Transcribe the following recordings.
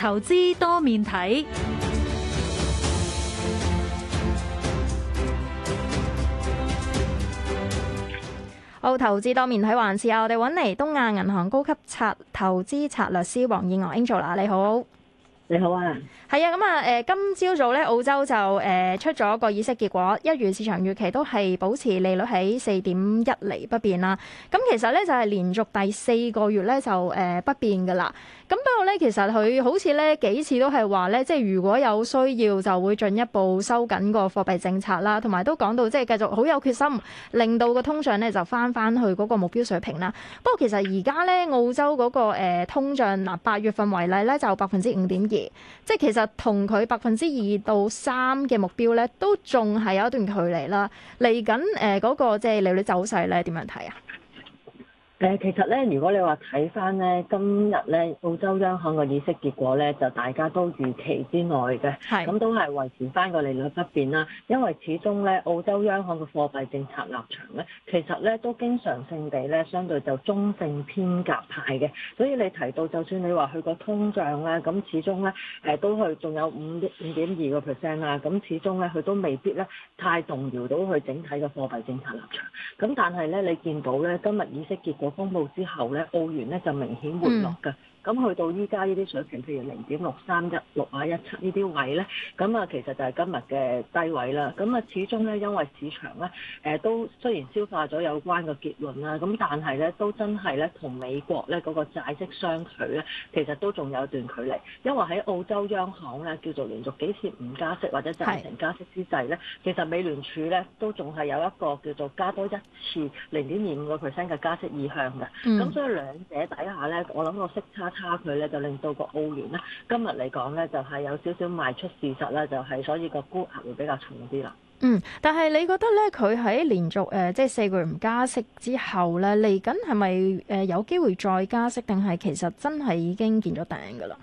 投資多面睇，好，投資多面睇還是啊？我哋揾嚟東亞銀行高級策投資策略師黃燕娥英做啦，Angel, 你好，你好啊，係啊，咁啊，誒，今朝早咧，澳洲就誒、呃、出咗個議息結果，一如市場預期都係保持利率喺四點一厘不變啦。咁、嗯、其實咧就係、是、連續第四個月咧就誒、呃、不變噶啦。咁不過咧，其實佢好似咧幾次都係話咧，即係如果有需要就會進一步收緊個貨幣政策啦，同埋都講到即係繼續好有決心，令到個通脹咧就返返去嗰個目標水平啦。不過其實而家咧澳洲嗰個通脹嗱八月份為例咧就百分之五點二，即係其實同佢百分之二到三嘅目標咧都仲係有一段距離啦。嚟緊誒嗰個即係利率走勢咧點樣睇啊？誒，其實咧，如果你話睇翻咧，今日咧澳洲央行個議息結果咧，就大家都預期之外嘅，咁的都係維持翻個利率不變啦。因為始終咧，澳洲央行嘅貨幣政策立場咧，其實咧都經常性地咧，相對就中性偏鴿派嘅。所以你提到，就算你話佢個通脹咧，咁始終咧，誒都係仲有五五點二個 percent 啦。咁始終咧，佢都未必咧太動搖到佢整體嘅貨幣政策立場。咁但係咧，你見到咧今日議息結果。公布之後咧，澳元咧就明顯回落㗎。咁去到依家呢啲水平，譬如零點六三一六啊一七呢啲位咧，咁啊其實就係今日嘅低位啦。咁啊始終咧，因為市場咧誒都雖然消化咗有關嘅結論啦，咁但係咧都真係咧同美國咧嗰個債息相距咧，其實都仲有一段距離。因為喺澳洲央行咧叫做連續幾次唔加息或者暫停加息之際咧，是其實美聯儲咧都仲係有一個叫做加多一次零點二五個 percent 嘅加息意向嘅。咁所以兩者底下咧，我諗個息差。差距咧就令到個澳元咧，今日嚟講咧就係有少少賣出事實啦，就係所以個沽壓會比較重啲啦。嗯，但係你覺得咧，佢喺連續誒即係四個月唔加息之後咧，嚟緊係咪誒有機會再加息，定係其實真係已經見咗頂噶啦？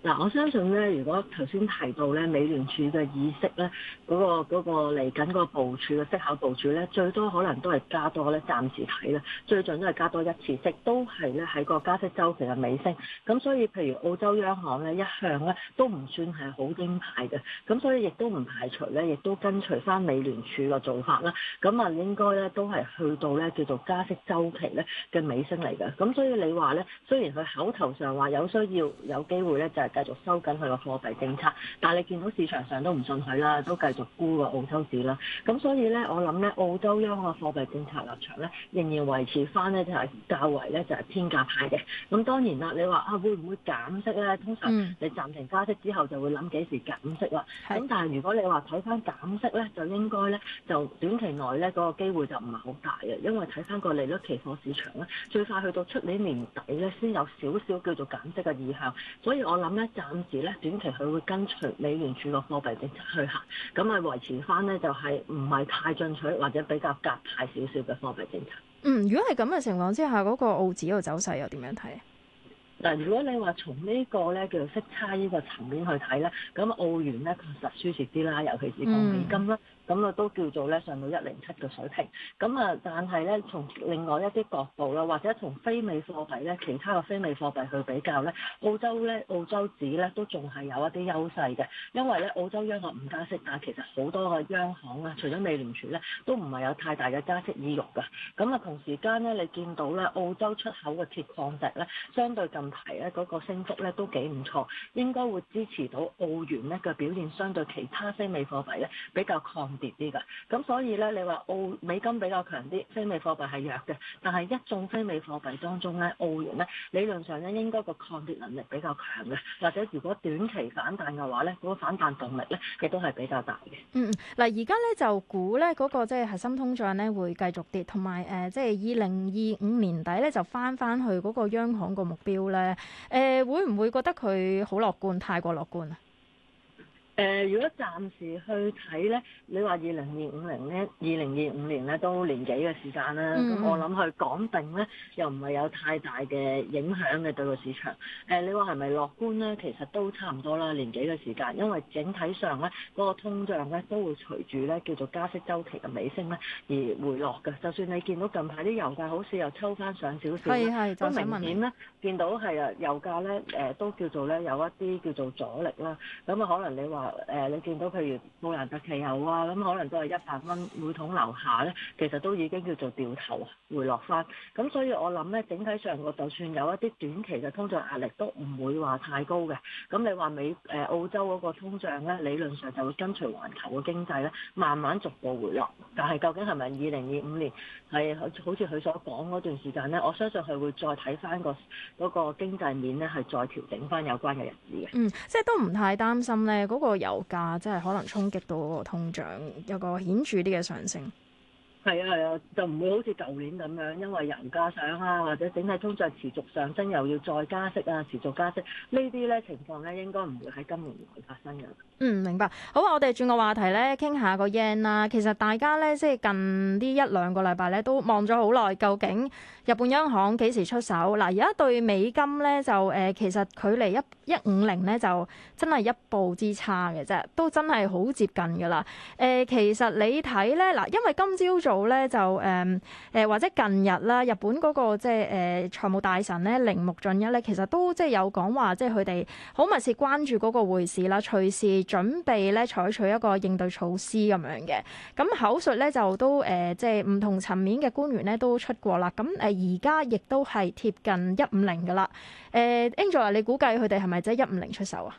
嗱，我相信咧，如果頭先提到咧，美聯儲嘅議息咧，嗰個嗰個嚟緊個部署嘅息口部署咧，最多可能都係加多咧，暫時睇咧，最盡都係加多一次息，都係咧喺個加息週期嘅尾聲。咁所以，譬如澳洲央行咧，一向咧都唔算係好鷹派嘅，咁所以亦都唔排除咧，亦都跟隨翻美聯儲個做法啦。咁啊，應該咧都係去到咧叫做加息週期咧嘅尾聲嚟嘅。咁所以你話咧，雖然佢口頭上話有需要有機會咧，就係繼續收緊佢個貨幣政策，但係你見到市場上都唔信佢啦，都繼續沽個澳洲市啦。咁所以咧，我諗咧，澳洲央行嘅貨幣政策立場咧，仍然維持翻咧就係、是、較為咧就係、是、偏鷹派嘅。咁當然啦，你話啊會唔會減息咧？通常你暫停加息之後就會諗幾時減息啦。咁的但係如果你話睇翻減息咧，就應該咧就短期內咧嗰、那個機會就唔係好大嘅，因為睇翻個利率期貨市場咧，最快去到出年年底咧先有少少叫做減息嘅意向。所以我諗。咧暫時咧短期佢會跟隨美聯儲嘅貨幣政策去行，咁啊維持翻咧就係唔係太進取或者比較鴿派少少嘅貨幣政策。嗯，如果係咁嘅情況之下，嗰、那個澳紙嘅走勢又點樣睇啊？嗱、嗯，如果你話從呢個咧叫做息差呢個層面去睇咧，咁澳元咧確實輸蝕啲啦，尤其是講美金啦。咁啊都叫做咧上到一零七嘅水平，咁啊但係咧從另外一啲角度啦，或者從非美貨幣咧其他嘅非美貨幣去比較咧，澳洲咧澳洲紙咧都仲係有一啲優勢嘅，因為咧澳洲央行唔加息，但其實好多嘅央行啊，除咗美聯儲咧，都唔係有太大嘅加息意欲㗎。咁啊同時間咧，你見到咧澳洲出口嘅鐵礦石咧，相對近排咧嗰個升幅咧都幾唔錯，應該會支持到澳元咧嘅表現，相對其他非美貨幣咧比較抗跌啲㗎，咁所以咧，你話澳美金比較強啲，非美貨幣係弱嘅，但係一眾非美貨幣當中咧，澳元咧理論上咧應該個抗跌能力比較強嘅，或者如果短期反彈嘅話咧，嗰個反彈動力咧亦都係比較大嘅。嗯，嗱，而家咧就估咧嗰個即係核心通脹咧會繼續跌，同埋誒即係二零二五年底咧就返返去嗰個央行個目標咧，誒、呃、會唔會覺得佢好樂觀，太過樂觀啊？誒、呃，如果暫時去睇咧，你話二零二五零咧，二零二五年咧都年幾嘅時間啦，嗯、我諗去講定咧，又唔係有太大嘅影響嘅對個市場。誒、呃，你話係咪樂觀咧？其實都差唔多啦，年幾嘅時間，因為整體上咧、嗰個通脹咧都會隨住咧叫做加息周期嘅尾聲咧而回落嘅。就算你見到近排啲油價好似又抽翻上少少，但係明顯咧見到係啊油價咧誒、呃、都叫做咧有一啲叫做阻力啦。咁啊，可能你話。誒、呃，你見到譬如布蘭特期油啊，咁可能都係一百蚊每桶樓下呢，其實都已經叫做掉頭回落翻。咁所以我諗呢，整體上個就算有一啲短期嘅通脹壓力，都唔會話太高嘅。咁你話美誒、呃、澳洲嗰個通脹呢，理論上就會跟隨環球嘅經濟呢，慢慢逐步回落。但係究竟係咪二零二五年係好似佢所講嗰段時間呢？我相信佢會再睇翻、嗰個、嗰個經濟面呢，係再調整翻有關嘅日子嘅。嗯，即係都唔太擔心呢。嗰、嗰個油價即係可能衝擊到嗰個通脹，有個顯著啲嘅上升。係啊係啊，就唔會好似舊年咁樣，因為又唔加上啊，或者整體通脹持續上升，又要再加息啊，持續加息呢啲咧情況咧，應該唔會喺今年內發生嘅。嗯，明白。好啊，我哋轉個話題咧，傾下個 yen 啦。其實大家咧，即係近呢一兩個禮拜咧，都望咗好耐，究竟日本央行幾時出手？嗱，而家對美金咧就誒、呃，其實距離一一五零咧就真係一步之差嘅啫，都真係好接近㗎啦。誒、呃，其實你睇咧嗱，因為今朝早。好咧，就誒誒或者近日啦，日本嗰個即係誒財務大臣咧，鈴木俊一咧，其實都即係有講話，即係佢哋好密切關注嗰個匯市啦，隨時準備咧採取一個應對措施咁樣嘅。咁口述咧就都誒，即係唔同層面嘅官員咧都出過啦。咁誒而家亦都係貼近一五零㗎啦。誒，Angela，你估計佢哋係咪即係一五零出手啊？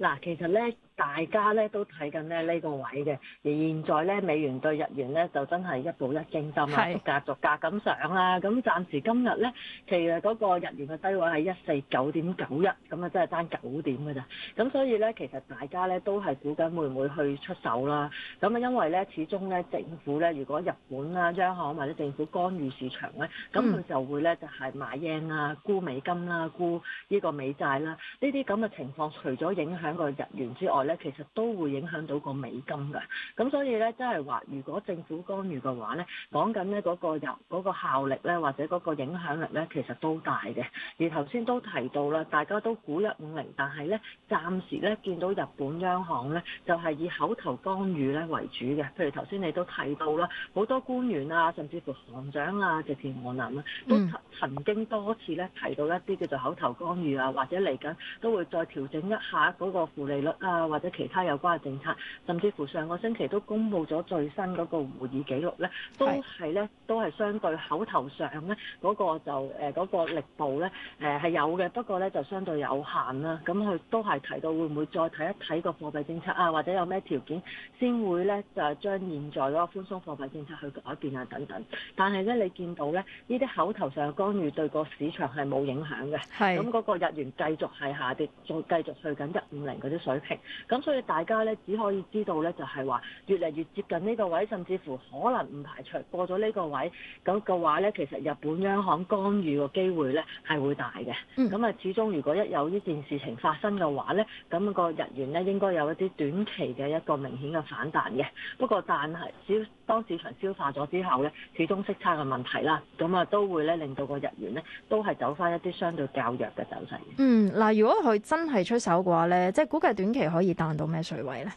嗱，其實咧。大家咧都睇緊咧呢個位嘅，而現在咧美元對日元咧就真係一步一驚心啊，是逐格逐格咁上啦。咁、嗯嗯、暫時今日咧，其實嗰個日元嘅低位係一四九點九一，咁啊真係爭九點㗎咋。咁所以咧，其實大家咧都係估緊會唔會去出手啦。咁、嗯、啊，因為咧始終咧政府咧如果日本啦央行或者政府干預市場咧，咁佢就會咧就係買英啊，沽美金啦，沽呢個美債啦。呢啲咁嘅情況除咗影響個日元之外，咧其實都會影響到個美金㗎，咁所以咧，即係話如果政府干預嘅話咧，講緊咧嗰個入、嗰個、效力咧，或者嗰個影響力咧，其實都大嘅。而頭先都提到啦，大家都估一五零，但係咧暫時咧見到日本央行咧就係、係、以口頭干預咧為主嘅。譬如頭先你都提到啦，好多官員啊，甚至乎行長啊，直至我諗啦，都曾經多次咧提到一啲叫做口頭干預啊，或者嚟緊都會再調整一下嗰個負利率啊。或者其他有關嘅政策，甚至乎上個星期都公布咗最新嗰個會議記錄咧，都係咧都係相對口頭上咧嗰、那個就誒嗰、呃那個力度咧誒係有嘅，不過咧就相對有限啦。咁佢都係提到會唔會再睇一睇個貨幣政策啊，或者有咩條件先會咧就將現在嗰個寬鬆貨幣政策去改變啊等等。但係咧你見到咧呢啲口頭上嘅干預對個市場係冇影響嘅，咁嗰是個日元繼續係下跌，再繼續去緊一五零嗰啲水平。咁所以大家咧只可以知道咧，就係話越嚟越接近呢個位，甚至乎可能唔排除過咗呢個位。咁嘅話咧，其實日本央行干預嘅機會咧係會大嘅。咁啊，嗯，始終如果一有呢件事情發生嘅話咧，咁個日元咧應該有一啲短期嘅一個明顯嘅反彈嘅。不過但係，只要當市場消化咗之後咧，始終息差嘅問題啦，咁啊都會咧令到個日元咧都係走翻一啲相對較弱嘅走勢。嗯，嗱，如果佢真係出手嘅話咧，即係估計短期可以。彈到咩水位咧？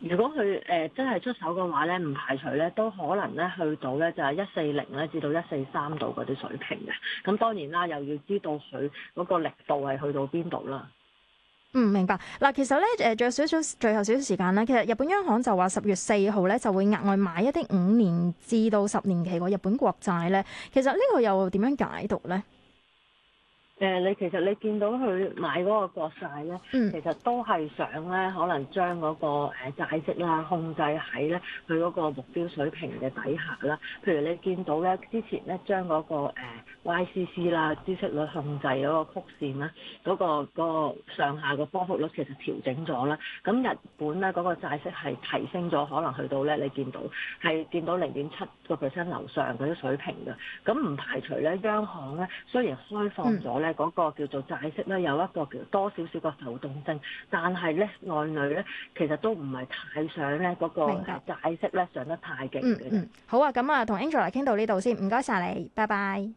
如果佢誒、呃、真係出手嘅話咧，唔排除咧都可能咧去到咧就係一四零咧至到一四三度嗰啲水平嘅。咁當然啦，又要知道佢嗰個力度係去到邊度啦。嗯，明白。嗱，其實咧，誒，仲有少少最後少少時間咧。其實日本央行就話十月四號咧就會額外買一啲五年至到十年期嘅日本國債咧。其實呢個又點樣解讀咧？誒，你其實你見到佢買嗰個國債咧，嗯、其實都係想咧，可能將嗰個誒債息啦控制喺咧佢嗰個目標水平嘅底下啦。譬如你見到咧，之前咧將嗰、嗰個 YCC 啦，呃、CC，孳息率控制嗰個曲線啦，嗰、嗰個嗰個上下個波幅率其實調整咗啦。咁日本咧嗰、嗰個債息係提升咗，可能去到咧你見到係見到零點七個 percent 樓上嗰啲水平㗎。咁唔排除咧，央行咧雖然開放咗咧。嗯嗰個叫做債息咧，有一個叫多少少個浮動性，但係咧外女咧，其實都唔係太想咧嗰、那個債息咧上得太勁嘅、嗯。嗯，好啊，咁啊，同 Angela 傾到呢度先，唔該晒你，拜拜。